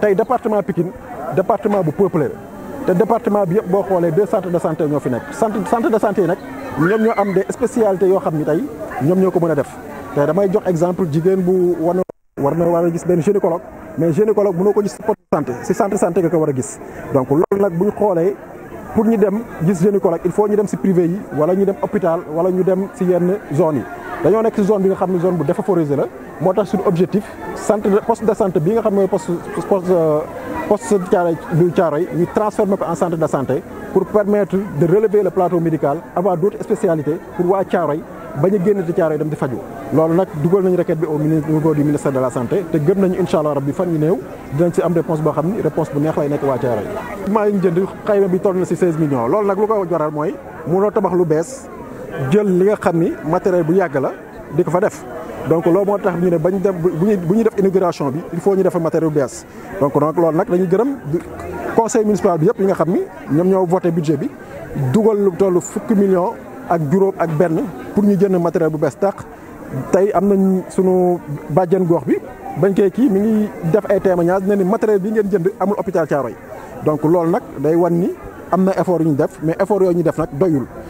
tey département Pikine département bu peuplé te département bi yëpp boo xoolee de centres de santé ñoo fi nekk centre de santé yi nag ñoom ñoo am des spécialités yoo xam ni tey ñoom ñoo ko mën a def te damay jox exemple jigéen bu wan war na war a gis benn gynécologue mais gynécologue mënoo ko gis ci poste de santé ci centre santé nga ko war a gis donc loolu nag bu ñu xoolee pour ñu dem gis gynécologue il faut ñu dem si privé yi wala ñu dem hôpital wala ñu dem ci yenn zone yi dañoo nekk zone bi nga xam ne zone bu défavorisée la moo tax suñu objectif centre de poste de santé bi nga xam mooy poste poste euh, poste Thiaroye du Thiaroye ñu transformer ko en centre de santé pour permettre de relever le plateau médical avoir d'autres spécialités pour waa Thiaroye bañ a génn ci Thiaroye dem di faju loolu nag dugal nañu requête bi au niveau de la santé te gëm nañu incha allah rabbi fan yu néew dinañ ci am réponse boo xam ni réponse bu neex lay nekk waa Thiaroye maa ngi jënd xayma bi toll na ci 16 millions lu bees jël li nga xam ni matériel bu yàgg la di ko fa def donc loolu moo tax ñu ne bañ def bu ñuy def inauguration bi il faut ñu defal matériel bu bees donc donc loolu nag dañuy gërëm conseil municipal bi yëpp yi nga xam ni ñoom ñoo voté budget bi dugal lu toll fukki million ak juróom ak benn pour ñu jënd matériel bu bees tax tey am nañ sunu bàjjen gox bi bañ koy kii mu ngi def ay témoignages ne ni matériel bi ngeen jënd amul hôpital Thiaroye donc loolu nag day wan ni am na effort yu ñu def mais effort yooyu ñu def nag doyul